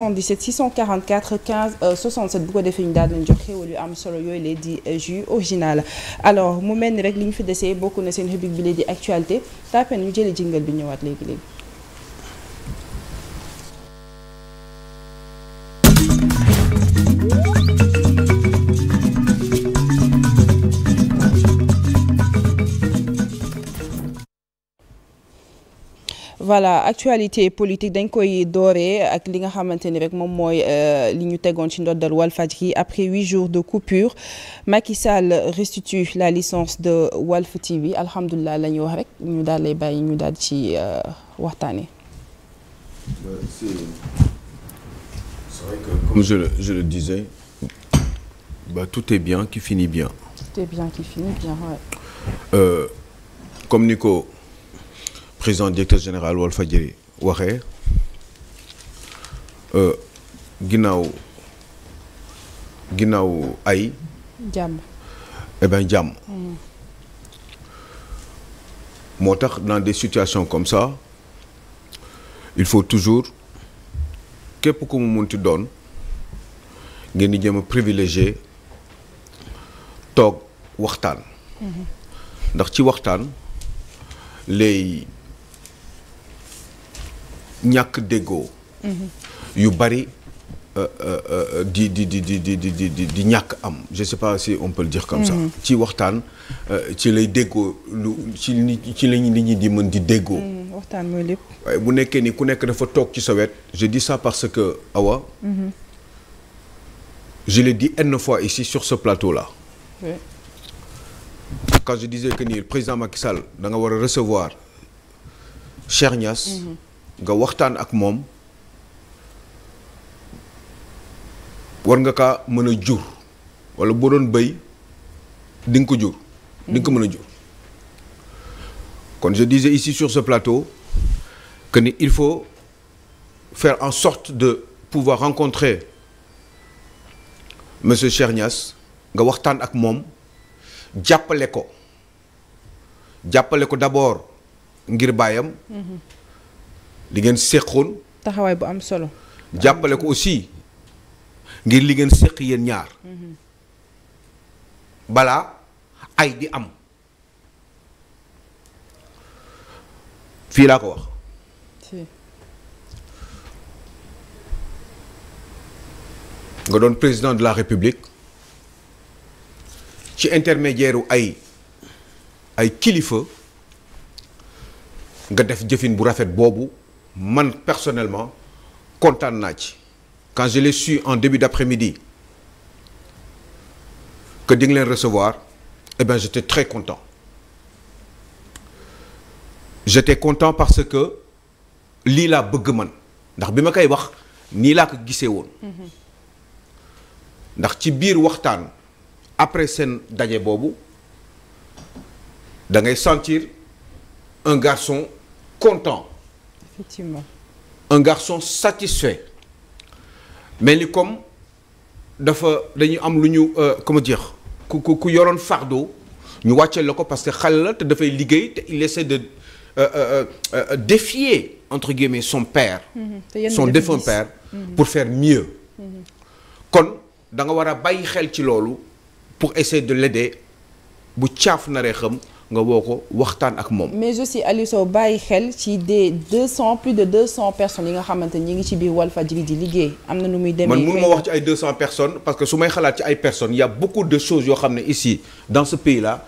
77 644 15 euh, 67 bu ko defee ñu daal di leen jox yu am solo yooy le di euh, jus original alors mu mel ni rek li ñu fi desee bokk na seen rubrique bi lay di actualité taapen ñu jëlee jingle bi ñëwaat léegi léegi. voilà actualité politique dañ koy dooree ak li nga xamante ni rek moom mooy euh, li ñu tegoon ci ndoddal Walfadjri après huit jours de coupure Macky Sall restitue la licence de Walf TV alhamdulilah la ñuy wax rek ñu daal lay bàyyi ñu daal ci euh, waxtaanee. c'est vrai que comme je le je le président directeur général Walfadjri waxee euh, ginnaaw ginnaaw ay. jàmm. eh mm. tax dans des situations comme ça il faut toujours képp ku doon ngeen di jëm a privilégier toog waxtaan. Mm-hmm. ndax ci waxtaan lay. ñàkk déggoo. yu bari euh, euh, euh, di di di di di di ñàkk am je sais pas si on peut le dire comme ça. Mm-hmm. ci waxtaan ci lay déggoo lu ci li ci lañ nit ñi di mën di déggoo. Mm, waxtaan mooy lépp. waaye bu nekkee ni ku nekk dafa toog ci sa wet je dis ça parce que Awa. Mm-hmm. je l'ai dit n fois ici sur ce plateau là. quand je disais que ni président Macky Sall da nga war a recevoir Cheikh nga waxtaan ak moom war nga kaa mën a jur wala boo doon béy di nga ko jur di nga ko mën a jur kon je disais ici sur ce plateau que ni il faut fair en sorte de pouvoir rencontrer monsieur Cheikh Niass nga waxtaan ak moom jàppale ko jàppale ko d'abord ngir baayam mm-hmm. li ngeen séqoon taxawaay bu am solo jàmbale ko aussi ngir li ngeen séq yéen ñaar mm-hmm. balaa ay di am fii laa ko wax nga doon président de la république ci intermédiaire ay ay kilifa nga def jëfin bu rafet boobu man personnellement kontaan naa ci quand je l'ai su en début d'après-midi que di nga leen recevoir eh bien très content j'étais content parce que lii laa bëgg man ndax bi ma koy wax nii laa ko gisee woon ndax ci biir waxtaan après seen daje boobu da sentir un garçon content effectivement un garçon satisfait mel ni comme dafa dañu am lu ñu euh, comment dire ku ku ku yoroon fardeau ñu wàcceel la ko parce que xale la te dafay liggéey te il essaie de euh, euh, euh, euh défier son père. Mm-hmm. son défunt père. Mm-hmm. pour faire mieux. Mm-hmm. kon da war a bàyyi xel ci loolu pour essayer de l'aider bu caaf naree xam. nga woo ko waxtaan ak moom. mais aussi Aliou Sow bàyyi xel ci des deux cent plus de deux cent yi nga xamante ñi ngi ci biir Walfadjri di liggéey am na nu muy demee. man mënu ma wax ci ay deux cent personnes parce que su may xalaat ci ay personnes y' a de choses yoo xam ne ici dans ce pays là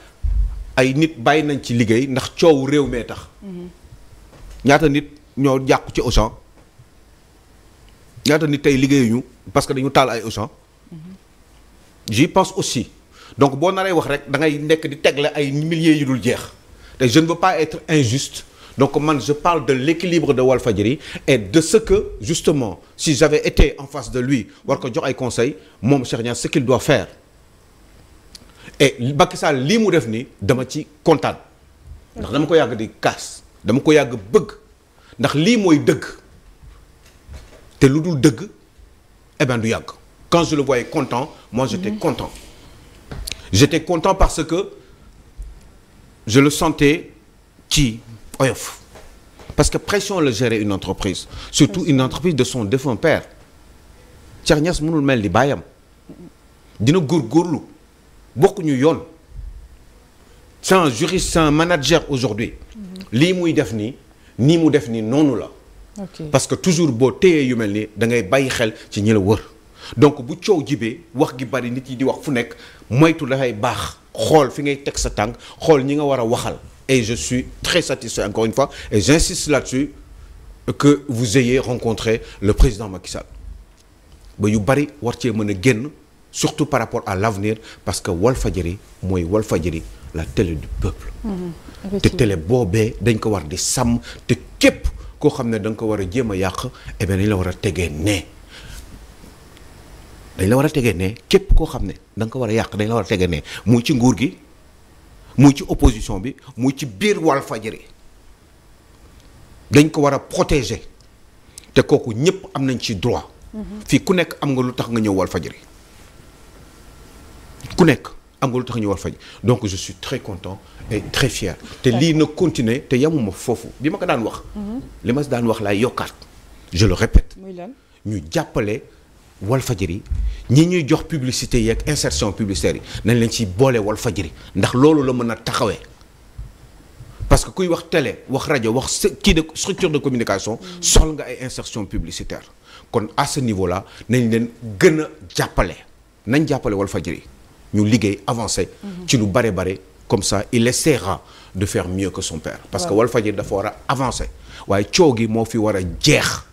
ay nit bàyyi nañ ci liggéey ndax coow réew mee tax. Mm-hmm. ñaata nit ñoo jàkku ci Auchan ñaata nit tey liggéeyuñu parce que dañu taal ay Auchan. Mm-hmm. j'y pense aussi. donc boo naree wax rek da ngay nekk di tegle ay milliers yu dul jeex te je ne veux pas être injuste donc man je parle de l'équilibre de Walfadjri et de ce que justement si j'avais été en face de lui war ko jox ay conseils moom Cheikh Niass ce qu'il doit faire et Macky lii mu def nii dama ci kontaan ndax dama ko yàgg di kaas dama ko yàgg bëgg ndax lii mooy dëgg te lu dul dëgg eh ben du yàgg quand je le voyais content moi j'étais mhm. content j'étais content parce que je le sentais ci oyof parce que pression la gérer une entreprise surtout une entreprise de son défunt père Cheikh Niass mënul mel ni baayam dina góorgóorlu bokkuñu yoon c'est un juriste c'est un manager aujourd'hui lii muy def nii nii mu def nii noonu la parce que toujours boo téyee yu mel nii da ngay bàyyi xel ci ñi la wër donc bu coow jibee wax gi bari nit yi di wax fu nekk moytu dafay baax xool fi ngay teg sa tànk xool ñi nga war a waxal et je suis très satisfait encore une fois et j'insiste là-dessus que vous ayez rencontré le président Macky Sall yu bari war cee mën a génn surtout par rapport à l'avenir parce que Walfadjri mooy Walfadjri la télé du peuple mmh, te télé boobee dañ ko war di sàmm te képp koo xam ne danga ko war a jéem a yàq eh bien dañ la war a tegee nee dañ la war a tegee ne képp koo xam ne da ko war a yàq dañ la war a tegee ne muy ci nguur gi muy ci opposition bi muy ci biir Walfadjri dañ ko war a protéger te kooku ñëpp am nañ ci droit. Mhm. fii ku nekk am nga lu tax nga ñëw Walfadjri ku nekk am nga lu tax ñëw donc je suis très content et très fier te lii na continuer te yamuma foofu bi ma ko daan wax. Mhm. li ma si daan wax laay yokkaat je le répète. ñu jàppale. Walfadjri ñi ñuy jox publicité yi ak insertion publicitaire yi nañ leen ci boole Walfadjri ndax loolu la mën a taxawee parce que kuy wax télé wax rajo wax kii de structure de communication sol nga ay insertion publicitaire kon à ce niveau là nañ leen gën a jàppale nañ jàppale Walfadjri ñu liggéey avancé ci lu bare bare comme sa il essaiera de faire mieux que son père parce que Walfadjri dafa war a avancé waaye coo gi moo fi war a jeex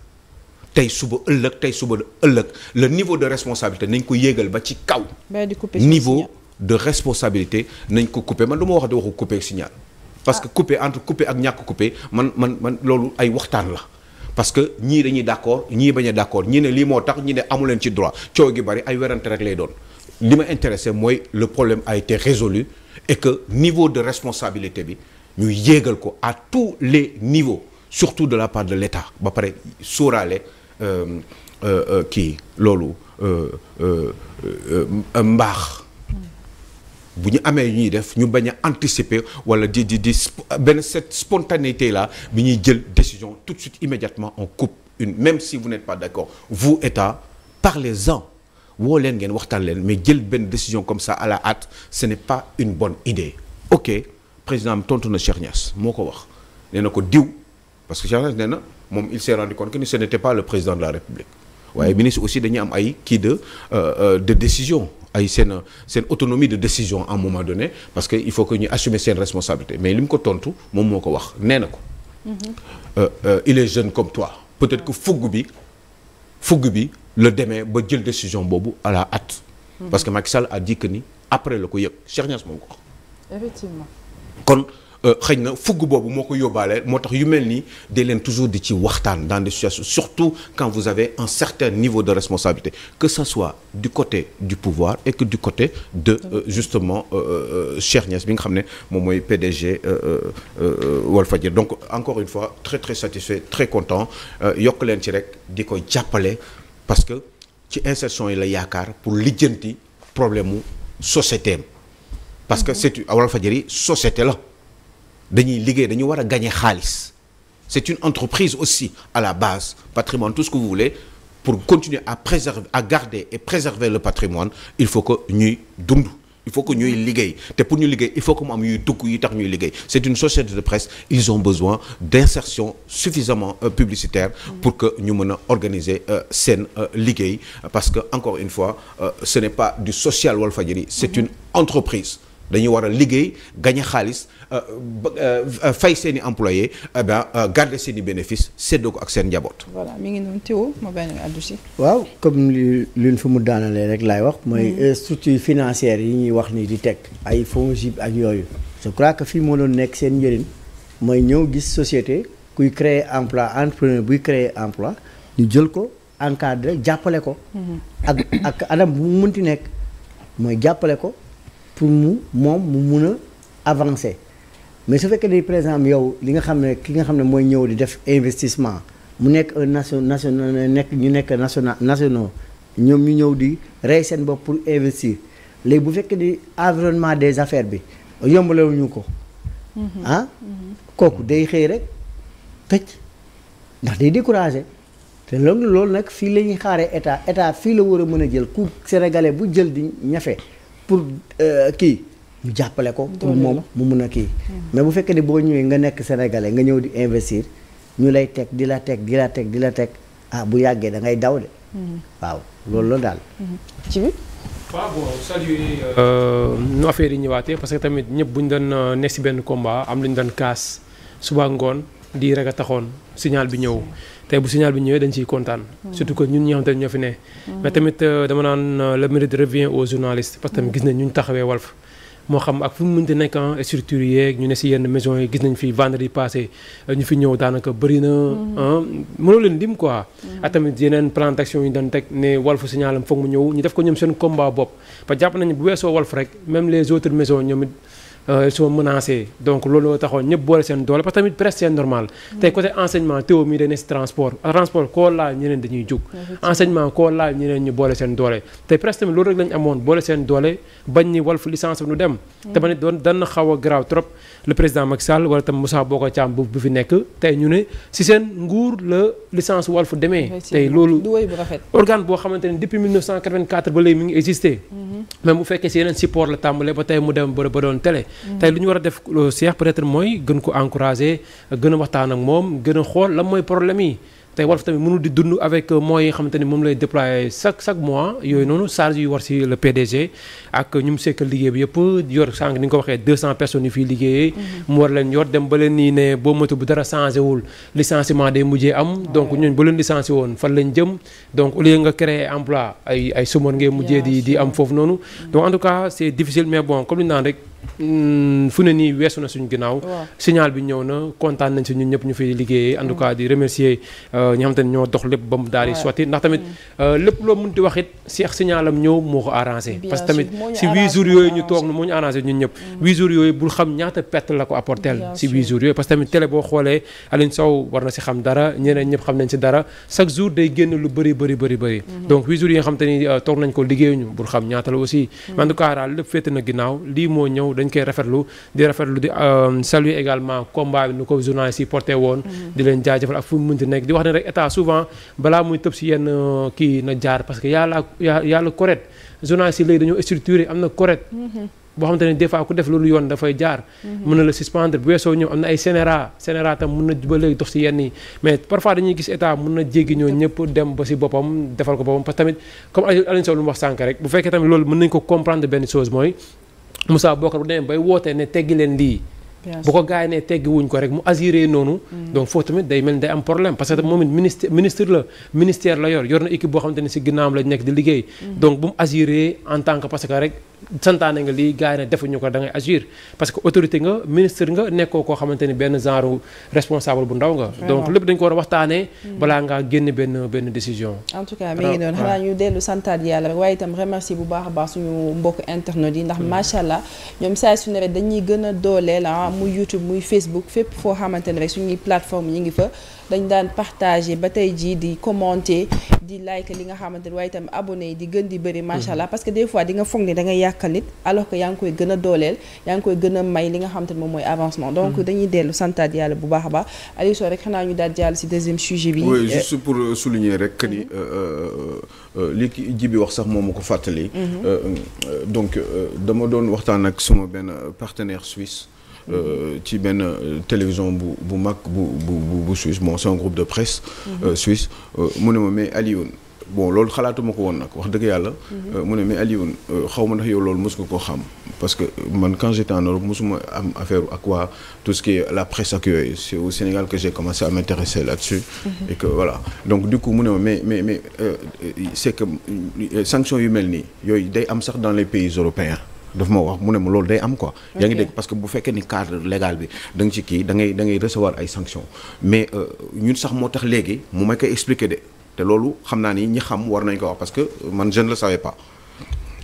tey suba ëllëg tey suba ëllëg la niveau de responsabilité nañ ko yéegal ba ci kaw. niveau de responsabilité nañ ko couper man du ma wax di waxu couper signal. parce ah. que couper entre couper ak ñàkk couper man man man loolu ay waxtaan la. parce que ñii dañuy d'accord ñii bañ a d'accord ñii ne lii moo tax ñii ne amu leen ci droit coow gi bari ay werante rek lay doon li ma intéressé mooy le problème a été résolu et que niveau de responsabilité bi ñu yéegal ko à tous les niveaux surtout de la part de l'État ba pare sóoraale Euh, euh, kii loolu euh, mbaax bu ñu amee ñuy def ñu bañ a anticiper wala di di di benn cette spontanéité là bi ñuy jël décision tout de suite immédiatement on coupe une même si vous n'êtes pas d'accord vous État les en woo leen ngeen waxtaan leen mais jël benn décision comme ça à la hâte ce n'est pas une bonne idée ok président am tontu na Cheikh moo ko wax nee ko diw parce que Cheikh Niass moom il s'est rendu compte que ce n'était pas le président de la République waaye ministre aussi dañuy am ay kii euh, euh, de décision ay seen seen autonomie de décision à un moment donné parce que il faut que ñu assumer seen responsabilité mais li mu ko tontu moom moo ko wax nee na ko mm-hmm. euh, il est jeune comme toi peut-être que fugg bi fugg bi la demee ba jël décision boobu à at mm-hmm. parce que Macky Sall a dit ni après la ko yëg Cheikh Niass moom ko wax Euh, xëy na fugg boobu moo ko yóbbaale moo tax yu mel nii dee leen toujours di ci waxtaan dans des situations surtout quand vous avez un certain niveau de responsabilité que ça soit du côté du pouvoir et que du côté de euh, justement euh, euh, Cheikh Niass bi nga xam ne moom mooy PDG Walfadjri donc encore une fois très très satisfait très content yokk leen ci rek di ko jàppale parce que ci insertion yi la yaakaar pour lijjanti problème mu société parce que mhm. c'est Walfadjri société la dañuy liggéey dañu war a gagner xaalis c'est une entreprise aussi à la base patrimoine tout ce que vous voulez pour continuer à préserver à garder et préserver le patrimoine il faut que ñuy dund il faut que ñuy liggéey te pour ñu liggéey il faut que mu am yuy dugg yi tax ñuy liggéey c'est une société de presse ils ont besoin d'insertion suffisamment euh, publicitaire pour que ñu mën a organiser euh, seen euh, liggéey parce que encore une fois ce n'est pas du social Walfadjri c'est mhm. une entreprise dañu war a liggéey gañe xaalis euh, euh, euh, fay seen i employé eh bien seen i bénéfice séddoo ko ak seen njaboot. voilà mi ngi noonu Théo ma bàyyi nga àddu si. waaw comme li li fi mu daanalee rek laay wax. mooy mm. structures financière yi ñuy wax ni di teg. ay FONGIP ak yooyu. je crois que fii moo doon nekk seen njëriñ mooy ñëw gis société kuy créer emploi entrepreneur buy créer emploi ñu jël ko encadré jàppale ko. Mm-hmm. ak ak anam bu mu munti nekk mooy jàppale ko. pour mu moom mu mun a avancer mais su fekkee ni par exemple yow li nga xam ne ki nga xam ne mooy ñëw di def investissement mu nekk nation national nekk ñu nekk national nationaux ñoom ñu ñëw di rey seen bopp pour investir léegi bu fekkee ni environnement des affaires bi yombalewuñu ko. Mm-hmm. ah mm-hmm. kooku day xëy rek tëj ndax day découragé te loolu loolu nag fii la ñuy xaaree état état fii la war a mën a jël ku sénégalais bu jël di ñafe. pour euh, kii ñu jàppale ko pour moom mu mun a kii hmm. mais bu fekkee ne boo ñëwee nga nekk sénégalais nga ñëw di investir ñu lay teg di la teg di la teg di la teg ah bu yàggee da ngay daw de hmm. waaw loolu la daal hmm. ci bi waaw euh, nu affaire ñëwaatee parce que tamit ñëpp bu ñu doon euh, nekk si benn combat am lu ñu doon kaas suba ngoon di rek a taxoon signal bi ñëw tey bu signal bi ñëwee dañ ciy kontaan. Hmm. surtout que ñun ñi nga xamante ñoo fi ne. Hmm. mais tamit euh, dama naan euh, le mérite revient aux journalistes parce tamit gis nañ ñu ne si yenn maison gis nañ fi vendredi passé euh, ñu fi ñëw daanaka bëri na. Hmm. lim quoi. ak tamit yeneen plan yu ñu teg ne Walf signalam foog mu ñëw ñu def ko ñoom seen combat bopp. parce jàpp nañu bu weesoo Walf rek même les autres maisons ñoom Euh, ils sont menacés donc loolu taxoon ñëpp boole seen doole parce que tamit presque c'est normal mm-hmm. tey côté enseignement Théo mii day ne transport ah, transport koo laal ñeneen dañuy jóg enseignement koo laal ñeneen ñu boole seen doole tey presque tamit loolu rek lañ amoon boole seen doole bañ ñi Walf licence bi nu dem te mm-hmm. dana xaw a trop le président Macky Sall wala tam Moussa Bocar Thiam bu bu fi nekk tey ñu ne si seen nguur la licence Walf demee Mm. tey lu ñu war a def Cheikh peut-être mooy gën ko encourager gën a waxtaan ak moom gën a xool lan mooy problème yi tey Walf tamit mënul di dund avec euh, moyens yi xamante ni moom lay déployer chaque chaque mois yooyu noonu charge yu war ñu mu sekkal liggéey yëpp yor sànq ni nga ko waxee 200 personnes yu fiy liggéeyee. Mm-hmm. mu war leen yor dem ba leen nii ne boo motu bu dara changé wul licenciement day mujjee am. Ah, donc ñun bu leen licencié woon fan lañ jëm. donc au lieu nga créer emploi ay ay sumoon ngay mujjee di di am foofu noonu. Mm-hmm. donc en tout cas c'est difficile mais bon comme ni naan rek. Hmm, fu ne nii weesu na suñu ginnaaw. signal bi ñëw na kontaan nañ si ñun ñëpp ñu fiy liggéeyee. en tout mm. cas di remercier euh, ñi xam te ne ñoo dox lépp ba mu daal di sotti ndax tamit mm. euh, lépp loo mënti wax it seex signalam ñëw moo ko arrangé. parce tamit si 8 jours yooyu ñu toog moo ñu arrangé ñun ñëpp. 8 mm. jours yooyu bul xam ñaata la si 8 jours yooyu parce que tamit télé ñeneen ñëpp xam nañ si dara chaque jour day génn lu bëri bëri bëri bëri. Mm-hmm. donc 8 jours yi nga xam euh, toog nañ ko liggéeyuñu bul xam ñaata ñëw dañ koy rafetlu di rafetlu di euh, saluer également combat bi nu ko journaliste yi porté woon mm-hmm. di leen jaajëfal ak fu mu mënti nekk di wax ne rek état souvent balaa muy tëb si yenn euh, kii na jaar parce que yàlla yàlla correct journaliste yi léegi dañoo structuré am na correct mm-hmm. boo xamante ne des fois ku def loolu yoon dafay jaar mm-hmm. mën na la suspendre bu weesoo ñoom am na ay sénéra sénéra tam mën na ba léegi dox si yenn yi mais parfois dañuy gis état mën na bu fekkee tamit loolu mën nañ ko comprendre benn chose mooy Moussa Bokar bu demee bay wootee ne teggi leen lii. bu ko gars yi ne ko rek mu assuré noonu. Mm. donc foofu tamit day mel ni day am problème parce que moom it ministre ministre la ministère la yor yor na équipe boo xamante ne si ginnaawam lañ nekk di liggéey. Mm. donc bu mu assuré en tant que rek. santaane nga lii gars yi ne defuñu ko da ngay parce que autorité nga ministre nga nekkoo koo xamante ni benn genre responsable bu ndaw nga donc lépp dañ ko war a waxtaanee mm. balaa ngaa génn benn benn décision en tout cas mi ngi dellu santaat yàlla rek waaye itam remercier bu baax a baax suñu mbokk internet yi ndax mm. macha allah ñoom saa su ne dañuy gën a dooleel ah, muy YouTube muy Facebook fépp foo xamante ne rek suñuy plateforme ñu ngi fa dañ daan partager ba tey jii di commenter di like li yàqal nit alors que yaa ngi koy gën a dooleel yaa ngi koy gën a may li nga xam te ne moom mooy avancement donc mm-hmm. dañuy dellu santaat yàlla bu baax a baax Aliou Sow rek xanaa ñu daal jàll si deuxième sujet bi juste euh, pour souligner rek que ni mm-hmm. euh, euh, li ki ji bi wax sax moom ma ko fàttali mm-hmm. donc dama doon waxtaan ak suma benn partenaire suisse ci benn télévision bu bu mag bu bu bu suisse bon c'est un groupe de presse suisse mu ne ma mais Alioune bon loolu xalaatuma ko woon nag wax dëgg yàlla. Mhm. Euh, mu ne mais Alioune euh, xaw ma ndax yow loolu mos nga koo xam. parce que man quand j'étais en Europe mosuma am affaire ak waa tout la presse ak yooyu c'est au Sénégal que j'ai commencé à m'intéresser là-dessus. Mhm. et que voilà donc mu ne ma mais mais mais euh, c'est que sanctions yu mel nii yooyu day am sax dans les pays européens. daf ma wax mu ne ma loolu day am ko yaa ngi dégg parce que bu fekkee ni cadre légal bi danga nga ci kii da ngay da ngay recevoir ay sanctions mais ñun sax moo tax léegi mu may koy expliquer de. te loolu xam naa ni ñi xam war nañ ko wax parce que man je ne le savais pas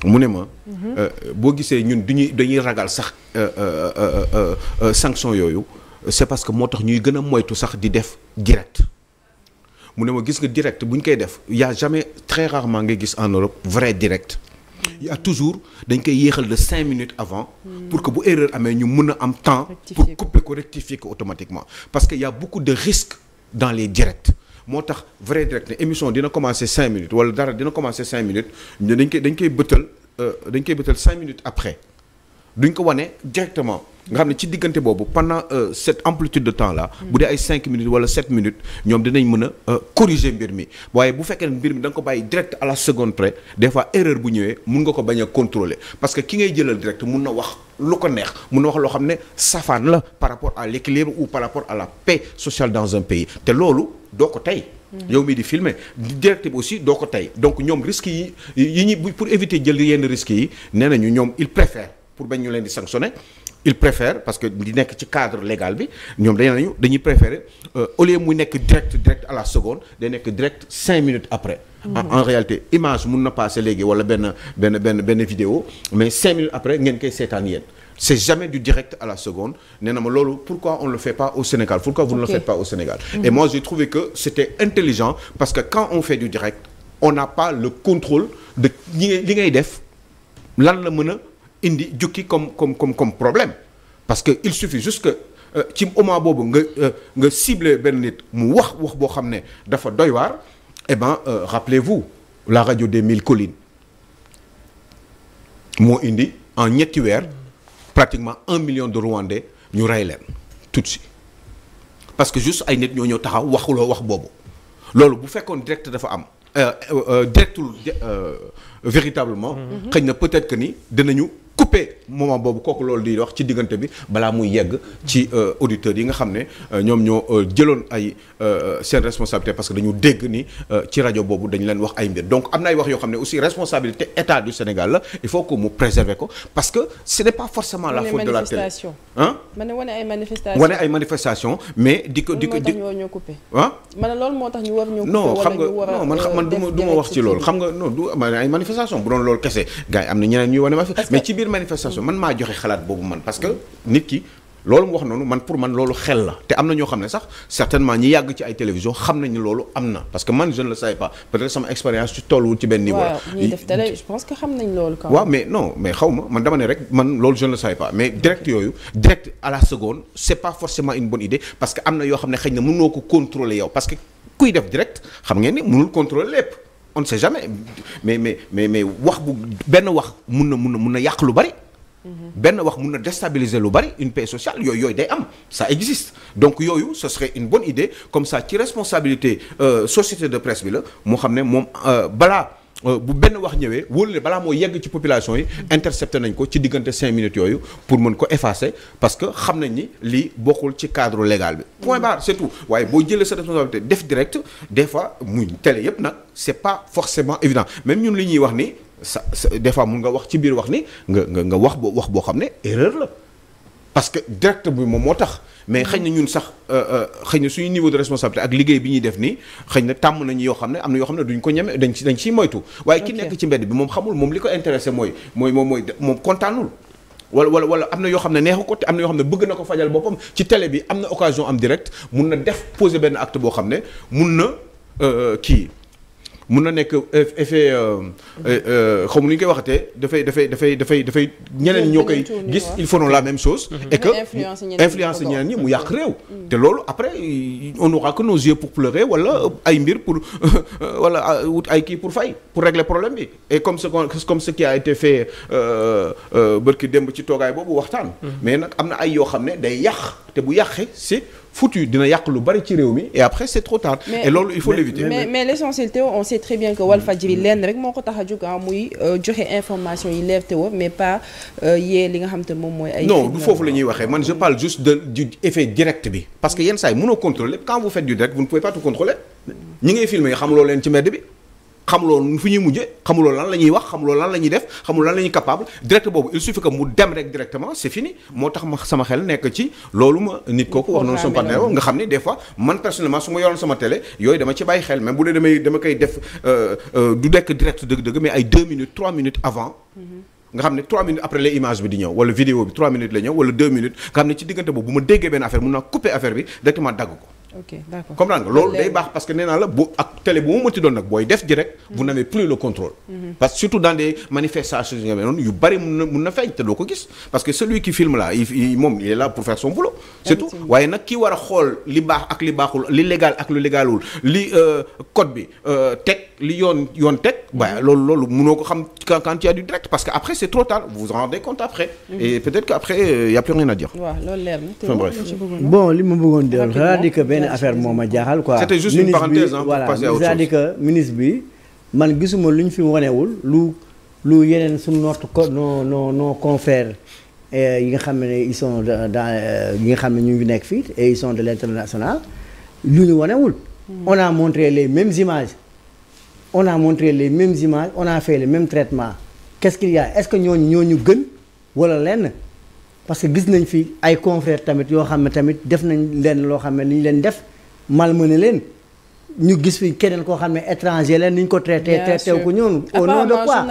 mu ne ma. Mhm. Euh, boo gisee ñun duñuy dañuy ragal sax euh, euh, sanction yooyu c'est parce que moo tax ñuy gën a moytu sax di def direct. mu ne ma gis nga direct bu ñu koy def yaa a jamais très rarement ngay gis en Europe vrai direct. y toujours dañ koy yéexal de cinq minutes avant. Mhm. pour que bu erreur amee ñu mun a am temps. pour couper ko rectifier ko automatiquement. parce que y a beaucoup de risques dans les directs. moo tax vrai direct ne émission dina commencé cinq minutes wala dara dina commencé cinq minutes ñu dañ koy dañ koy bëttal euh, dañ koy bëttal cinq minutes après duñ ko wane directement nga xam ne ci diggante boobu pendant euh, cette amplitude de temps là mm. bu dee ay cinq minutes wala sept minutes ñoom dinañ mën a euh, corriger mbir mi waaye bu fekkee ne mbir mi da nga ko bàyyi direct à la seconde près des fois erreur bu ñëwee mun nga ko bañ a contrôler parce que ki ngay jëlal direct mun na wax lu ko neex mun na wax loo xam ne safaan la par rapport à l'équilibre ou par rapport à la paix sociale dans un pays te loolu doo ko tey mm. yow mii di filmer direct aussi doo ko tey donc ñoom risques yi yi ñuy pour éviter jël yenn risques yi nee nañu ñoom il pour bañ ñu leen di sanctionner il préfère parce que di nekk ci cadre légal bi ñoom dañu nañu dañuy préférer euh, au lieu muy nekk direct direct à la seconde day nekk direct cinq minutes après mmh. en réalité image mun na passé léegi wala benn benn benn benn vidéo mais cinq minutes après ngeen koy seetaan yéen c'est jamais du direct à la seconde nee na ma loolu pourquoi on le fait pas au Sénégal pourquoi vous ne le faites pas au Sénégal mmh. et moi j'ai trouvé que parce que quand on du direct on n'a pas le contrôle de li ngay def la mën a indi jukki comme comme comme problème parce que il suffit juste que euh, ci moment boobu nga euh, nga cibler benn nit mu wax wax boo xam ne dafa doy waar eh ben euh, rappelez-vous la radio des mille collines moo indi en ñetti weer pratiquement un million de Rwandais ñu rey leen tout si parce que juste ay nit ñoo ñëw taxaw waxuloo wax boobu loolu bu fekkoon direct dafa am euh, directul véritablement mm-hmm. xëy na peut que ni dinañu couper moment boobu kooku loolu di wax ci diggante bi balaa muy yegg ci euh, auditeurs yi nga xam ne euh, ñoom ñoo euh, jëloon ay seen responsabilité parce que dañu dégg ni ci rajo boobu dañu leen wax ay mbir donc am na ay wax yoo xam ne aussi responsabilité état du Sénégal la il faut que mu préserver ko parce que ce n'est pas forcément la faute de la télé ah wane ay manifestation mais di ko di ko di ah ma moo tax ñu war ñu non xam nga non man man du ma du wax ci loolu xam nga non du ma ay manifestation bu doon loolu kese gars am na ñeneen ñuy manifestation man maa joxe xalaat boobu man parce que nit ki loolu mu wax noonu man pour man loolu xel la te am na ñoo xam ne sax certainement ñi yàgg ci ay télévision xam nañu loolu am na parce que man je ne le savais pas peut-être sama expérience ci tolluwul ci benn niveau la. waaw ñuy def télé yooyu direct à la seconde c'est pas forcément une bonne idée parce que am na yoo xam ne xëy na mënoo ko contrôler yow parce que kuy def direct xam ngeen ni mënul contrôler lépp. on ne sait jamais mais mais mais mais wax bu benn wax mun na mun na mun na yàq lu bari. benn wax mun na déstabiliser lu bari une paix sociale yooyu yooyu day am ça existe donc yooyu ce serait une bonne idée comme ça ci responsabilité euh, société de presse bi la moo xam ne moom euh, balaa. Euh, bu benn wax ñëwee wóolu ne balaa moo yegg ci population yi intercepté nañ ko ci diggante cinq minutes yooyu pour mën ko effacer parce que xam nañ li lii bokkul ci cadre légal bi point barre c'est tout waaye boo jëlee sa responsabilité def direct des fois muy télé yëpp nag c'est pas forcément évident même ñun li ñuy wax ni sa des fois mun nga wax ci biir wax ni nga nga nga wax boo wax boo xam ne erreur la parce que direct bi moom moo tax mais xëy na ñun sax euh, euh, xëy na suñu niveau de responsabilité ak liggéey bi ñuy def nii xëy na tàmm nañu yoo xam ne am na yoo xam ne duñ ko ñeme dañ ci dañ ciy ki nekk ci mbedd bi moom xamul moom li ko intéressé mooy moom mooy moom kontaanul wala wala wala am na yoo xam ne neexu ko te am na yoo xam ne bëgg na ko fajal boppam ci télé bi am na occasion am direct mun na def poser benn acte boo xam ne mun na euh, kii mun na nekk euh, effet euh, euh, xamu nu ñu koy waxatee dafay dafay dafay dafay dafay ñeneen ñoo koy gis ils feront la même chose mhm. et que influence ñeneen ñi mu yàq réew mhm. te loolu après on n'aura que nos wala ay mbir pour wala wut ay kii pour fay pour régler problème bi et comme ce comme ce qui a été fait bërki démb ci toogaay boobu waxtaan mhm. mais nag am na ay yoo xam ne day yàq te bu yàqee si foutu dina yàq lu bari ci réew mi et après c'est trop tard. et loolu il faut l'éviter. mais mais l'essentiel on sait très bien que Walfadjri lenn rek moo ko tax a jóg ah, muy euh, joxe information yi leer Théo mais pas euh, yee li nga xam te moom mooy. ay non du foofu la ñuy waxee man je parle juste de du effet direct bi. parce que yenn saa yi mënoo contrôler quand vous faites du direct vous ne pouvez pas tout contrôler. ñi ngay filmer xam loo leen ci mbedd bi. xamuloo nu fi ñuy mujje xamuloo lan la ñuy wax xamuloo lan la ñuy def xamuloo lan la ñuy capable direct boobu il suffit que mu dem rek directement c'est fini moo tax ma sama xel nekk ci loolu ma nit kooku wax noonu sama partenaire euh, euh, nga xam ne des fois nga xam ne 3 minutes après les images bi di ñëw wala vidéo bi 3 minutes la ñëw wala 2 minutes nga xam ne ci diggante boobu bu ma déggee benn affaire mun naa couper affaire bi directement dagg ko ok d'accord comprendre nga loolu day baax parce que nee naa la bu ak télé bu mu mënti doon nag booy def direct. vous mhm. n'avez plus le contrôle. Mhm. parce que surtout dans des yu bari mun na feeñ te doo ko gis parce que celui qui filme là il moom il est pour faire son c'est tout waaye nag ki war a xool li baax ak li baaxul li légal ak lu légalul li euh, code bi euh, teg li yoon yoon teg. Mhm. loolu loolu ko xam quand a du direct parce que après c'est trop tard vous rendez euh, a benn affaire moo a jaaxal quoi. c'était juste une parenthèse ministre bi man gisuma lu ñu fi wanewul lu lu yeneen suñu notre co nos nos nos confrères yi nga xam ne ils sont dans euh, yi nga xam ne ñu ngi nekk fii et ils sont de l'international lu ñu wanewul hmm. on a montré images on a montré les mêmes images on a fait même traitement qu'est-ce qu'il y est-ce que ñooñu ñooñu gën wala lenn parce que gis nañ fi ay confrères tamit yoo xam ne tamit def nañ leen loo xam ne li leen def malmené leen ñu gis fi keneen koo xam ne étranger leen ni ñu ko traité traité ko ñoonu au nom de quoi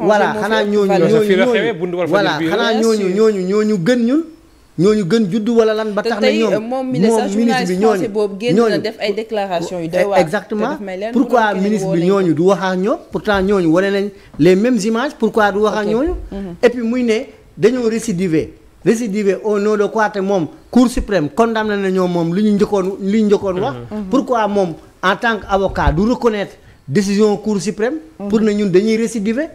voilà xanaa ñooñu ñooñu voilà xanaa ñooñu ñooñu ñooñu gën ñun ñooñu gën juddu wala lan ba tax na ñoom euh, moom ministre bi ñooñu ñooñu def ay déclaration yu doy e, waar exactement pourquoi ministre bi ñooñu du wax ak ñoom pourtant ñooñu wane nañ les mêmes images pourquoi du wax ak ñooñu mm-hmm. et puis muy ne dañoo récidiver récidivé au nom de quoi te moom cour suprême condamné na na ñoom moom li ñu njëkkoon li ñu njëkkoon wax mhm. Mhm. pourquoi moom en tant que avocat du reconnaître décision cour suprême mhm. pour na ñun dañuy récidiver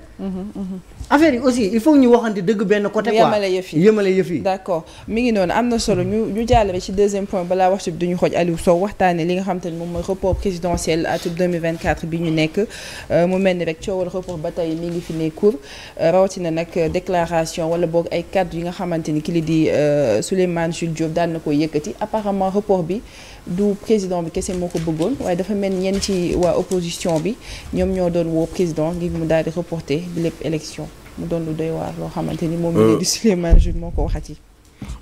affaire yi aussi il faut ñu waxante dëgg benn côté quoi yemale yëf yi yemale yëf yi d'accord mi ngi noonu am na solo ñu ñu jàllale ci deuxième point balaa wax bi duñu xooj Aliou Sow waxtaane li nga xam te ne moom mooy report présidentiel atum 2024 bi ñu nekk euh, mu mel ni rek coowal report ba tey mi ngi fi ne cour euh, rawatina nag déclaration wala boog ay cadre yi nga xamante ni ki li di euh, Souleymane Jules Diop daan na ko yëkkati apparemment report bi du président bi kese moo ko bëggoon waaye dafa mel ñenn ci waa opposition bi ñoom ñoo doon woo président ngir mu daal di reporter bi lépp élection mu doon lu doy waar loo xamante ni moom la euh, di Souleymane moo ko waxati.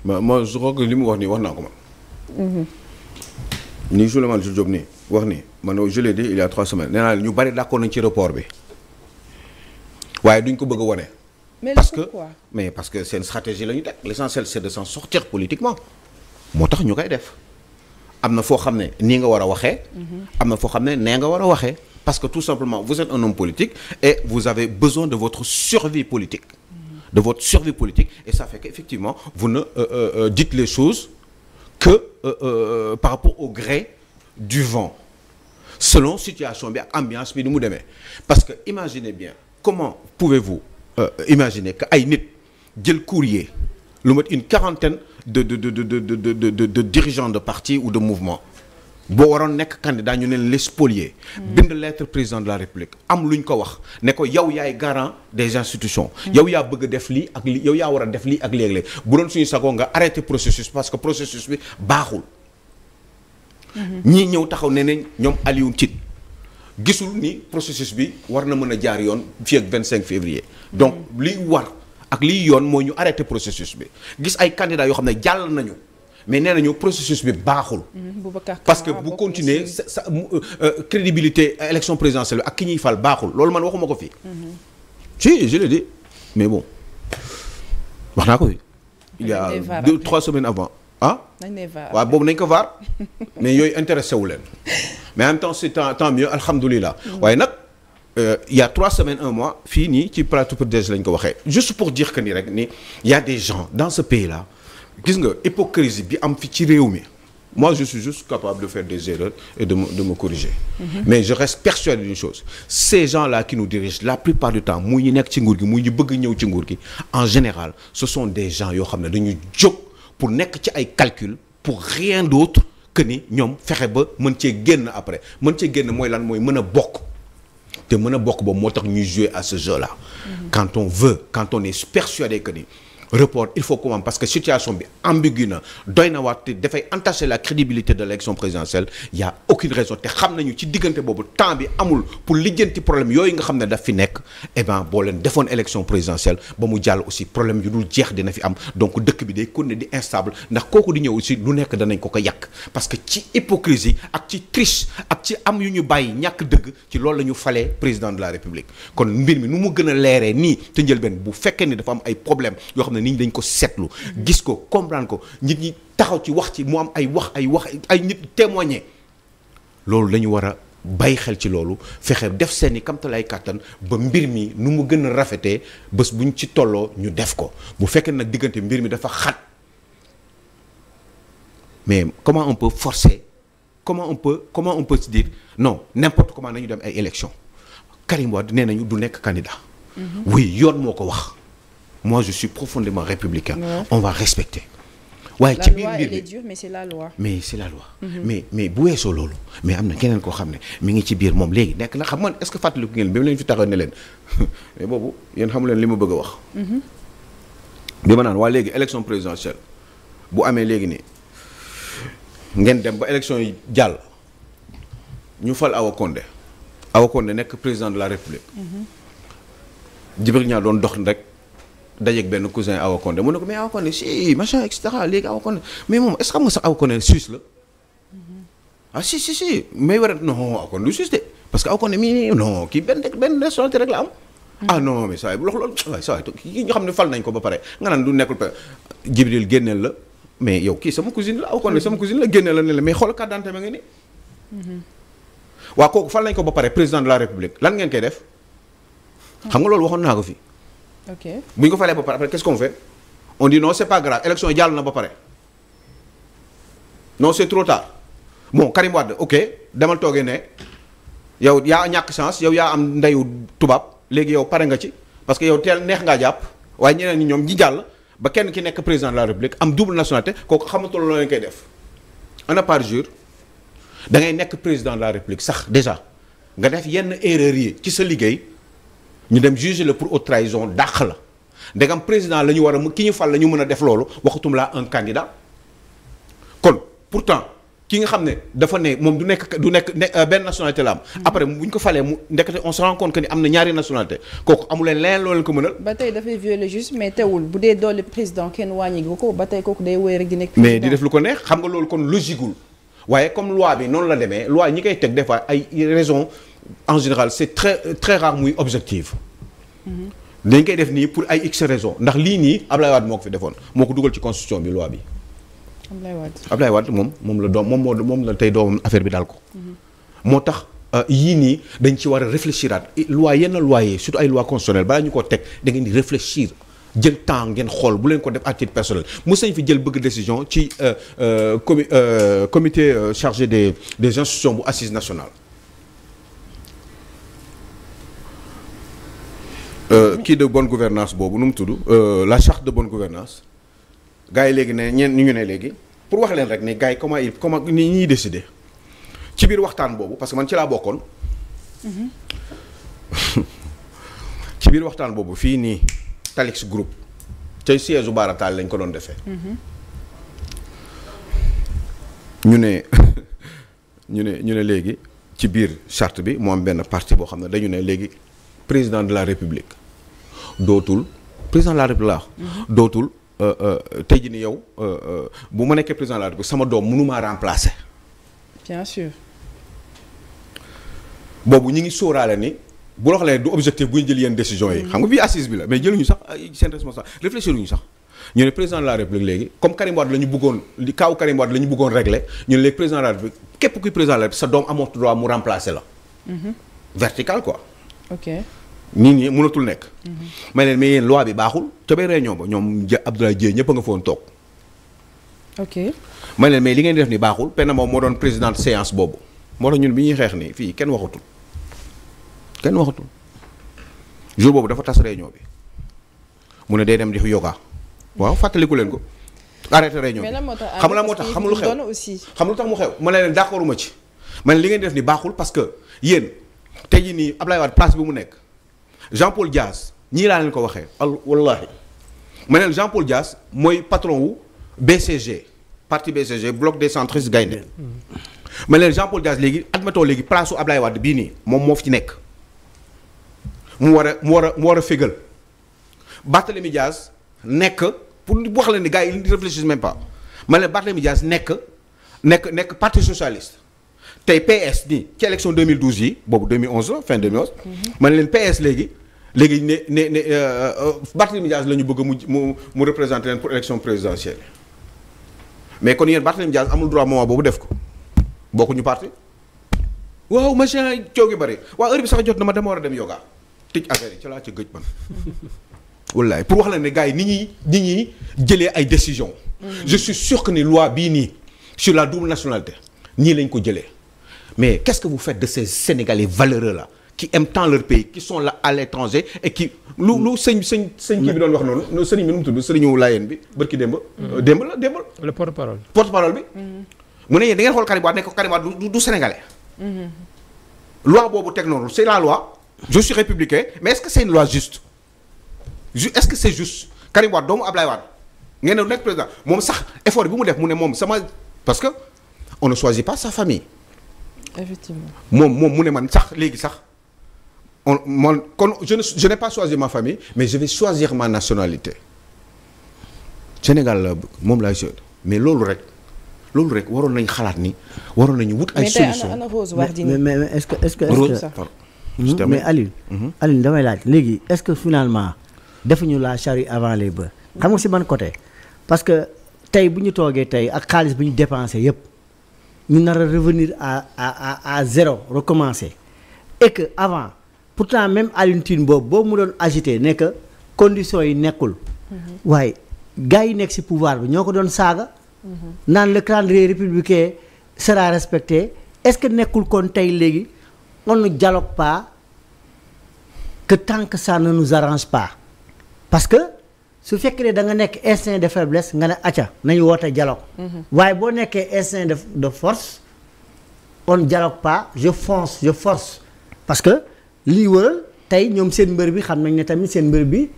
ma ma je crois que li mu wax nii wax naa ko man. Mhm. nii Souleymane Jules Diop wax nii man je l'ai dit il y a trois semaines nee ñu bari d'accord nañ ci report bi waaye duñ ko bëgg a wane. mais parce que mais parce que seen stratégie la ñu teg l'essentiel c'est de s'en sortir politiquement moo tax ñu koy def. am na foo xam ne nii nga war a waxee. Mhm. am na foo xam ne nee nga war a waxee. parce que tout simplement vous êtes un homme politique et vous avez besoin de votre survie politique. Mhm. de votre survie politique et ça fait qu'effectivement vous ne euh, euh, euh, dites les choses que par rapport au gré du vent selon situation bi ak ambiance bi ni mu demee parce que imaginez bien comment pouvez-vous imaginer que ay nit jël courrier lu une quarantaine de de de de de de ou de mouvement boo waroon nekk candidat ñu ne les polier hmm. bind lettre président de la république am lu ñu ko wax ne ko yow yaay garant des institutions. Hmm. yow yaa bëgg def lii ak lii yow yaa war a def lii ak léeg-léeg bu doon suñu sagoo nga arrêté processus parce que processus bi baaxul. Hmm. ñii ñëw taxaw ne ne ñoom Alioune Tine gisul ni processus bi war na mën a jaar yoon fii ak 25 février. donc liy war. ak liy yoon mooy ñu arrêté processus bi gis ay candidats yoo xam ne jàll nañu mais nee nañu processus bi baaxul. Mm-hmm. parce que bu continuer sa sa euh, euh, crédibilité euh, élection présidentielle bi ak ki ñuy fal baaxul loolu man waxuma ko fii. Mm-hmm. si je l'ai dit mais bon wax naa ko fi. il y a deux trois semaines avant. ah waaw boobu nañ ko vaar mais yooyu intéressé wu leen mais en même temps c'est tant mm-hmm. waaye nag. Euh, il y a trois semaines un mois fii nii ci plateau pour lañ ko waxee juste pour dire que nii rek nii y a des gens dans ce pays là gis nga hypocrisie bi am fi ci réew mi moi je suis juste capable de faire des erreurs et de me de me corriger. Mm -hmm. mais je reste persuadé d'une chose ces gens là qui nous dirigent la plupart du temps muy ñu nekk ci nguur gi muy ñu bëgg ñëw ci nguur gi en général ce sont des gens yoo xam ne dañu jóg pour nekk ci ay calcul pour rien d'autre que ni ñoom fexe ba mën cee génn après mën cee génn mooy lan mooy mën a bokk. te mën a bokk boobu moo tax ñuy jouer a ce jeu là. Mm-hmm. quand on veut quand on est persuadé report il faut comment parce que situation bi ambiguë na doy na waat te dafay entacher la crédibilité de l'élection présidentielle il y raison te xam nañu ci diggante boobu temps bi amul pour lijjanti problème yooyu nga xam ne daf fi nekk eh ben boo leen defoon élection présidentielle ba mu jàll aussi problème yu dul jeex dina fi am donc dëkk bi day continuer di instable ndax kooku di ñëw aussi lu nekk danañ ko ko yàq parce que ci hypocrisie ak ci triche ak ci am yu ñu bàyyi dëgg ci loolu la ñu falee président de la république kon mbir mi nu mu gën a leeree nii te njëlbeen bu fekkee ni dafa am ay problème yoo nit ñi dañ ko seetlu gis ko comprendre ko nit ñi taxaw ci wax ci mu am ay wax ay wax ay nit témoigner loolu la ñu war a bàyyi xel ci loolu fexe def seeni kamtalaay kàttan ba mbir mi nu mu gën rafetee bés buñ ci tolloo ñu def ko bu fekkee nag diggante mbir mi dafa xat mais comment on peut forcer comment on peut comment on peut se dire non n'importe comment nañu dem ay élection Karim Wade nee nañu du nekk candidat mhm. oui yoon moo ko wax moi je suis profondément républicain on va respecter waaye ci biir mbir bi dure mais c'est la loi mais c'est la loi mhm. mais mais bu weesoo loolu mais am na keneen koo xam ne mi ngi ci biir moom léegi nekk na xam man est-ce que fàttaliku ngeen bi ma leen fi taxaw ne leen boobu yéen xamu li ma bëgg a wax mhm. bi ma naan waa léegi élection présidentielle bu amee léegi nii ngeen dem ba élection yi jàll ñu fal Awa Condé Awa Condé nekk président de la République mhm. Djibril Niang doon rek dajeeg benn cousin Awa Condé mu ne ko mais Awa Condé si machin et cetera léegi Awa Condé mais moom est-ce que xam nga la ah si si si mais war non Awa Condé du suisse de parce que Awa Condé mii non kii benn benn nationalité rek la am. ah non mais saa bu lox loolu waaye saa yi ñu xam ne fal nañ ko ba pare nga naan du nekkul pe Jibril génneel la mais yow kii sama cousine la Awa Condé sama cousine la génneel la ne la mais xool carte d'identité ma nga mm-hmm. kooku fal nañ ko ba pare président la république lan ngeen koy def. xam nga loolu waxoon naa ko fi. ok bu ñu ko falee ba pare après qu'est-ce qu'on fait on dit non c'est pas grave élection yi jàll na ba pare non c'est trop tard bon Karim Wade ok demal toogee ne yow yaa ñàkk chance yow yaa am ndeyu tubaab léegi yow pare nga ci parce que yow teel neex ngaa jàpp waaye ñeneen ñi ñoom ñi jàll ba kenn ki nekk président de la république am double nationalité kooku xamatul loo leen koy def un par jour da ngay nekk président de la république sax déjà nga def yenn erreur yi ci sa liggéey. ñu dem juger la pour haute trahison dàq la ndegam président la ñu war a ki ñu fal la ñu mën a def loolu waxatum laa un candidat kon pourtant ki nga xam ne dafa ne moom du nekk du nekk euh, benn nationalité la am. après bu ñu ko falee mu ndekete on se rend compte que am na ñaari nationalité kooku amu leen leneen loolu ko mënal. ba tey dafay violer juste mais teewul bu dee doole président kenn wàññi ko ba tey kooku day wéy rek di nekk. mais di def lu ko neex xam nga loolu kon logique gul waaye comme loi bi noonu la demee loi ñi koy teg des raison en général c'est très très rare muy objective dañ koy def nii pour ay x raison ndax lii nii Ablaye Wade moo ko fi defoon moo ko dugal ci constitution bi loi bi. Ablaye Wade Ablaye moom moom la doom moom moo moom la tey doomam affaire bi daal ko. moo tax euh, yii nii dañ ci war a réfléchiraat loi yenn loi yi surtout ay loi constitutionnelle balaa ñu ko teg da ngeen di réfléchir jël temps ngeen xool bu leen ko def à titre personnel mos nañ fi jël bëgg décision ci euh, euh, comi comité chargé des des institutions bu assise Euh, kii de bonne gouvernance boobu nu mu tudd euh, la charte de bon gouvernance gars yi léegi ne ñeen ñu ne léegi pour wax leen rek ni gars yi comment il comment ni ñuy décider ci biir waxtaan boobu parce que man ci mm-hmm. biir waxtaan boobu fii nii Talix Group tey siège u lañ ko doon defee mm-hmm. ñu ne ñu ne ñu ne léegi ci biir charte bi mu am benn partie boo xam ne dañu ne léegi président de la république dootul président de la république mhm. dootul euh, euh, tey jii ni yow euh, bu ma nekkee président de la république sama doom mënumaa remplacer. bien sûr. ñu ngi sóoraale ni bu la waxee du objectif buy jël yenn décision yi. Mhm. xam nga bii assise la mais jëluñu sax seen responsable réfléchir ñu sax. ñu ne comme Karim Wade la ñu bëggoon li kaaw Karim Wade la ñu bëggoon régler ñu ne léegi président de la république sa doom amoo droit mu remplacer la. Mhm. vertical quoi. ok nit ñi mënatul nekk. Mhm. ma leen mais yéen loi bi baaxul te bay ba ñoom ja Abdoulaye ñëpp a nga foon toog. ok ma leen mais li ngeen di def ni baaxul penn moom moo doon présidente séance boobu moo tax ñun bi ñuy xeex nii fii kenn waxatul kenn waxatul jour boobu dafa tas réunion bi mu ne day dem def yoga waaw fàttaliku leen ko. arrêté réunion bi xam la moo tax xam lu xew xam lu tax mu xew ma ne leen d'accorduma ci ma ne li ngeen di def ni baaxul parce que yéen. tey jii nii Ablaye Wade place bi mu nekk Jean Paul Dias ñii laa leen ko waxee al wallahi ma ne Jean Paul Dias mooy patron wu BCG parti BCG bloc des centristes gaynde ma ne Jean Paul Dias léegi admettons léegi place su Ablaye Wade bii nii moom moo fi ci nekk mu war a mu war a mu war a fégal Barthélemy Dias nekk pour wax la ne gars yi ils ne réfléchissent même pa ma ne Barthélemy Dias nekk nekk nekk partie socialiste. tey PS nii ci élection 2012 yi boobu 2011 la fin 2011. Mhm. man leen PS léegi léegi ne ne ne euh, euh, Barthélémy Dias la ñu bëgg mu mu mu représenté leen pour élection présidentielle mais kon yéen Barthélémy Dias amul droit moment boobu def ko bokkuñu parti waaw machin coow gi bëri waaw heure bi sax jot na ma dama war a dem yoga tëj affaire yi ci laa ca gëj man. wallaay pour wax la ne gars yi ni ñuy ni ñuy jëlee ay décisions. Mm. je suis que ni loi bii nii sur la double nationalité nii lañ ko jëlee. mais qu'est-ce que vous faites de ces Sénégalais valeureux là qui aiment tant leur pays qui sont là à l'étranger et qui lu lu sëñ sëñ sëñ kii bi doon wax noonu sëriñ bi nu mu tudd sëriñu Laayeen bi bërki démb euh, démb la démb la porte-parole bi mm. mu ne yéen da xool Karim Wade ne du Sénégalais mm-hmm. loi boobu teg noonu c'est la loi je suis républicain mais est-ce que c'est une loi juste est-ce que c'est juste Karim Wade doomu Ablaye Wade ngeen moom sax effort bi mu def mu ne moom sama parce que on ne choisit pas sa effectivement moom moom mu ne man sax léegi sax on man kon je ne je n'ai pas choisi ma famille mais je vais choisir ma nationalité Sénégal la moom laay choisir mais loolu rek loolu rek waroon nañ xalaat ni waroon nañu wut ay solution mais mais est-ce que est-ce que est-ce que hmm? mais Aliou mhm. Aliou damay laaj léegi est-ce que finalement defuñu la charrue avant les bœufs xam nga si ban côté parce que tey bu ñu toogee tey ak xaalis bu ñu dépensé yëpp ñu nar a revenir à à à à zéro recommencer et que avant pourtant même Alioune Tine boobu boobu mu doon agité ne que yi nekkul. Mhm. waaye gars yi nekk ci pouvoir bi ñoo ko doon saaga. Mhm. naan le calendrier républicain sera respecté est-ce que nekkul kon tey léegi on ne dialogue pas que tant que ça ne nous arrange pas parce su fekkee da nga nekk instinct de faiblesse nga ne acca nañu woote dialogue mhm. waaye boo nekkee instinct de de force on dialogue pas je fonce je force parce que lii waral tey ñoom seen mbër bi xam nañ ne tamit seen mbër bi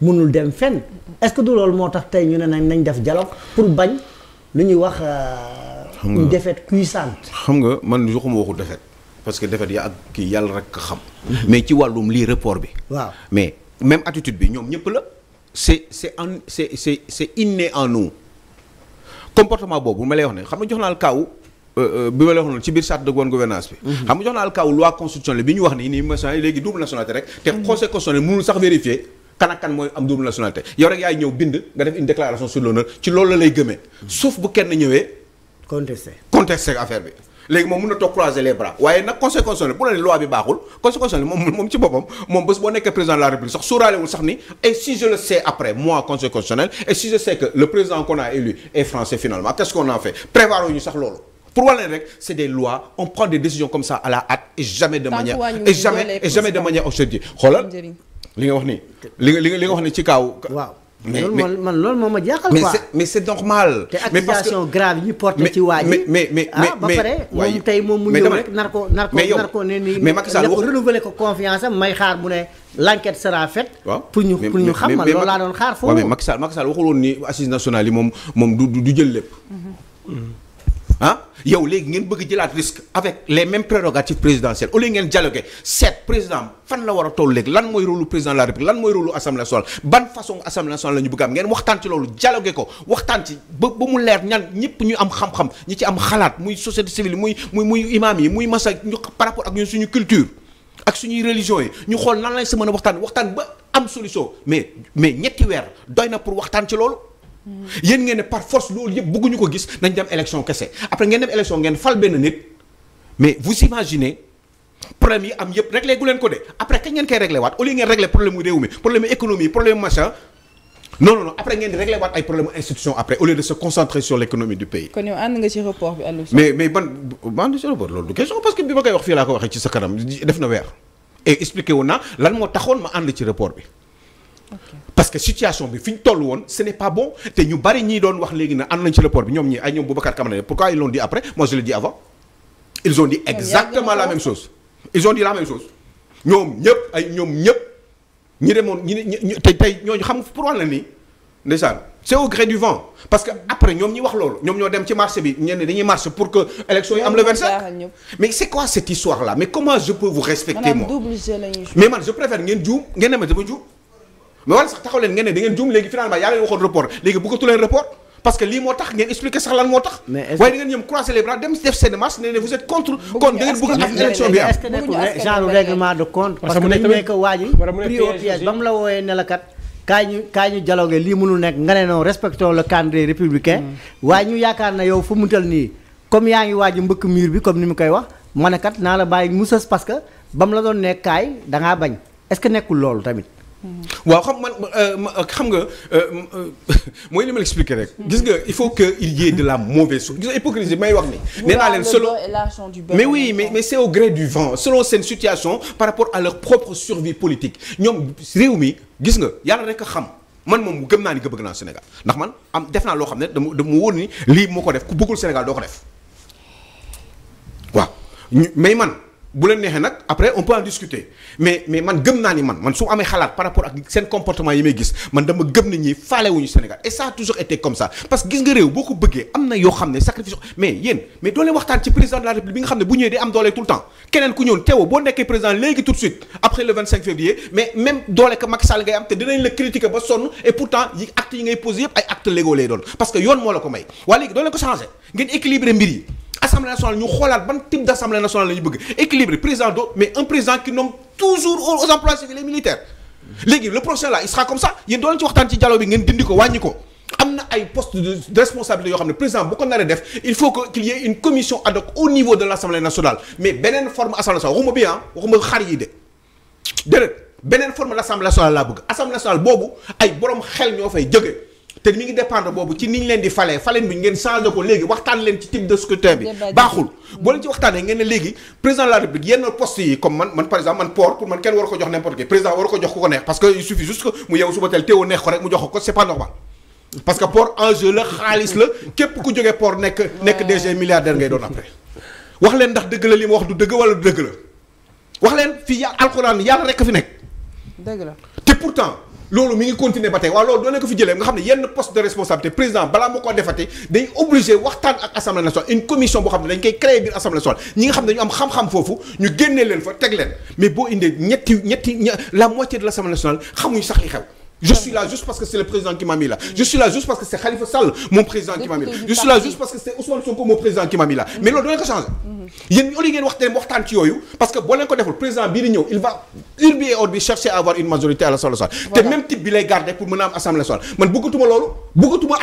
mënul dem fen est-ce que du loolu moo tax tey ñu ne nañ nañ def dialogue pour bañ lu ñuy wax euh, une défaite cuisante xam nga man waxuma waxu défaite parce que défaite yaa ak kii yàlla rek xam mais ci wàllum lii report bi waaw mais même attitude bi ñoom ñëpp la c'est c'est en c'est c'est c'est inné en nous comportement boobu ma lay wax ne xam nga jox naa la kaaw euh, euh, bi ma lay wax noonu ci biir charte de bonne gouvernance bi mm-hmm. xam nga jox naa la kaaw loi constitutionnelle bi ñu wax ni nii léegi double nationalité rek te mm-hmm. conseil constitutionnel mënul sax vérifier kan mooy am double nationalité yow rek yaay ñëw bind nga def une déclaration sur loolu la lay gëmee mm-hmm. sauf bu kenn ñëwee contesté contesté affaire bi léegi moom mun na toog croiser les bras waaye nag conseil constitutionnel bu la ne loi bi baaxul conseil constitutionnel moom moom ci boppam moom bés boo nekkee président de la république sax sóoraalewul sax ni et si je le sais après moi conseil constitutionnel et si je sais que le président qu'on a élu est français finalement qu'est-ce qu'on en fait prévoir ñu sax loolu pour wàllu rek c'est des lois on prend des décisions comme ça à la et jamais de manière et jamais li nga wax ni li nga mais loolu man loolu moo ma jaaxal quoi mais c' est normal. te accusation grave yi ñu ci waa ji. mais mais mais ah ba pare moom mu ñëw rek nar ko nar nii. mais Macky Sall wax ko confiance am may xaar mu pour ñu pour xam ma loolu laa doon xaar foofu. waaw mais yi moom moom du du jël lépp. Mm-hmm. Mm. ah yow léegi ngeen bëgg jëlaat risque avec les mêmes prérogatives présidentielles au ngeen dialoguer seet président fan la war a toll léegi lan mooy rôle président la république lan mooy rôle assemblée nationale ban façon assemblée nationale la ñu bëgg am ngeen waxtaan ci loolu dialoguer ko waxtaan ci ba ba mu leer ñan ñëpp ñu am xam-xam ñi ci am xalaat muy société civile muy muy muy imam yi muy massa ñu par rapport ak ñun suñu culture ak ñuy religion yi ñu xool nan lañ si waxtaan waxtaan ba am solution mais mais ñetti weer doy na pour waxtaan ci loolu yéen ngeen ne par force loolu yëpp bëgguñu ko gis nañ dem élection kese après ngeen dem élection ngeen fal benn nit mais vous imaginez problème yi am yëpp réglé gu leen ko de après kañ ngeen koy réglé waat au lieu ngeen réglé problème mu réew mi problème mu économie problème machin non non non après ngeen di réglé ay problème institution après au de se concentrer sur l' du pays. kon yow ànd nga ci report bi ma na lan moo taxoon ma ànd ci report bi. parce que situation bi fi ñu toll woon ce n'est pas bon te ñu bari ñii doon wax léegi na ànd nañ ci rapport bi ñoom ñi ay ñoom Boubacar Camara après moi je l'ai dit avant ils ont dit exactement la même chose ils ont dit la même chose ñoom ñëpp ay ñoom ñëpp ñi demoon ñi ne te tey ñooñu xam pour la ni ndeysaan c'est au gré du vent parce que après ñoom ñi wax loolu ñoom ñoo dem ci marché bi ñenn dañuy marché pour que élection yi am le 25 mais c'est quoi cette histoire là mais comment je peux mais wala sax taxaw ngeen ne da ngeen juum léegi finalement yaa leen waxoon report léegi bëggatu leen report parce que lii moo tax ngeen expliquer sax lan moo tax. waaye da ngeen ñoom croiser nekk waa ji pris au piège ba mu la wooyee ne la kat. kaay ñu kaay ñu dialogue lii mënul nekk nga ne non respecté républicain. Hmm. waaye ñu yaakaar na yow fu mu nii comme yaa ngi waaj mbëkk mur bi comme ni mu koy wax ma ne kat naa la bàyyi musas parce que ba mu la doon nekk kaay da loolu tamit Hmm. waaw xam man euh, euh, xam nga euh, mooy li ma la expliqué rek. Hmm. gis nga il faut que il y de la mauvaise chose gis nga may wax ni. nee leen selon mais oui mais mais c'est au gré du vent selon seen situation par rapport à leur propre survie politique ñoom réew mi gis nga yàlla rek a xam. man moom mu gëm naa ni que bëgg naa Sénégal ndax man am def naa loo xam ne dama dama wóor ni lii moo ko def ku bëggul Sénégal doo ko def waaw mais man. bu leen neexee nag après on peut en discuter mais mais man gëm naa ni man man su amee xalaat par rapport ak seen comportement yi may gis man dama gëm ni ñi faale wuñu Sénégal et ça a toujours été comme ça parce que gis nga réew boo ko bëggee am na yoo xam ne sacrifice mais yéen mais doo waxtaan ci président de la république bi nga xam ne bu ñëwee day am doole tout le temps keneen ku ñëw teewoo boo nekkee président léegi tout de suite après le moo ko may waa léegi doo assemblée nationale ñu xoolaat ban type d' assemblée nationale la ñu bëgg équilibré président do mais un président qui nomme toujours aux emplois civils et léegi le prochain là il sera comme ça yéen doo leen ci waxtaan ci dialogue bi ngeen dindi ko wàññi am na ay postes de responsabilité yoo xam ne président bu ko naree def il faut que qu'il y une commission ad hoc niveau de l' assemblée nationale mais beneen forme assemblée nationale ah, beneen forme l' assemblée nationale laa bëgg assemblée boobu ay borom xel ñoo fay te mi ngi dépendre boobu ci niñ leen di fale faleen bi ngeen changé ko léegi waxtaan leen ci type de scrutin bi baaxul boo leen ci waxtaanee ngeen ne léegi président de la république yenn poste yi comme man man par exemple man port pour man kenn président war ko jox ku parce que il suffit juste que enjeu la xaalis la képp ku jógee port nekk nekk DG milliardaire ngay doon après wax leen ndax dëgg la li ma wax du dëgg wala du dëgg la wax leen fii alxuraan yàlla rekk fi nekk dëgg la te pourtant loolu mi ngi continuer ba tey waaw loolu doone ko fi jëlee nga xam ne yenn poste de responsabilité président balaa moo ko defate dañ obligé waxtaan ak assemblée nationale une commission boo xam ne dañ koy créer biir assemblée nationale ñi nga xam ne dañu am xam-xam foofu ñu génnee leen fa teg leen mais boo indee ñetti ñetti la moitié de l'assemblée nationale xamuñu sax li xew je suis là juste parce que c'est le président qui m'a mis là. je suis là juste parce que c'est Khalifa Sall moom président qui m'a mis là. je suis là juste parce que c'est Ousmane Sonko moom président qui m'a mis là. mais loolu da ngeen changé. yéen au lieu ngeen waxtaan ci yooyu parce que boo leen ko deful président bii di ñëw il va urbi et orbi chercher à avoir une majorité à l'Assemblée nationale. te même type bi lay garder pour mën a am man bëggatuma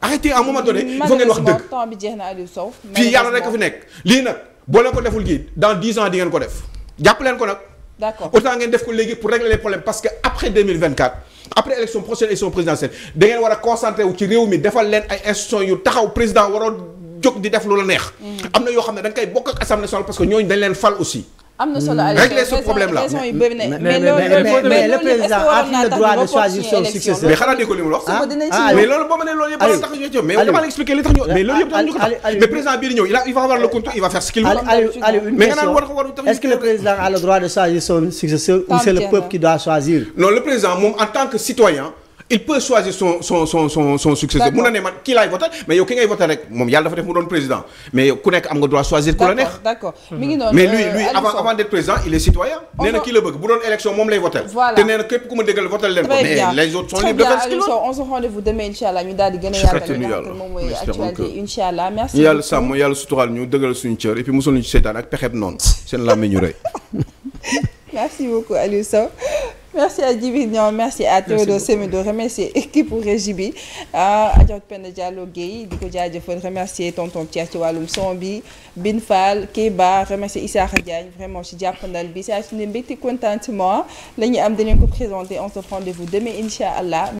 arrêtez à un moment il faut ngeen wax dëgg fii yàlla rek a fi nekk lii nag boo leen ko deful gii dans dix ans di ngeen ko def jàpp leen ko nag. d'accord autant ngeen def ko léegi pour régler les problèmes parce que après 2024 après élection prochaine élection présidentielle da ngeen war a concentré wu ci réew mi defal leen ay institutions yu taxaw président waroon jóg di def lu la neex. Mm. am na yoo xam ne da nga bokk ak assemblée nationale fal aussi. am na solo Aliou régler ce problème là mais le président a le droit de choisir son successeur. mais le contrôle il va faire ce est-ce que le président a le droit de choisir son successeur ou c'est le peuple qui doit choisir. non le président en tant que citoyen il peut son son son son ne man kii laay voté mais yow ki ngay voté rek moom yàlla def mu doon président mais ku nekk am nga droit choisir. ku la neex hmm. mais lui euh, lui avant avant président il est citoyen. nee na la bëgg bu doon élection moom lay voté. te nee na képp ku ma déggal voté leen ko. mais les autres sont libres de faire ce qu'ils veulent. on se rendez-vous demain incha allah li nga xam ak pexeb noonu seen làmmiñ ñu rëy merci beaucoup merci à Djibi merci à Théodore Semedo remercier équipe bu régie bi ah, Adja Penda Diallo Guèye di ko jaajëfal remercier tonton Thia ci wàllum son bi Bin Fall Kéba remercier Issakha Diagne vraiment ci jàppandal bi saa su ne mbégte contentement la ñuy am dañu ko présenté on se rendez-vous demain incha allah.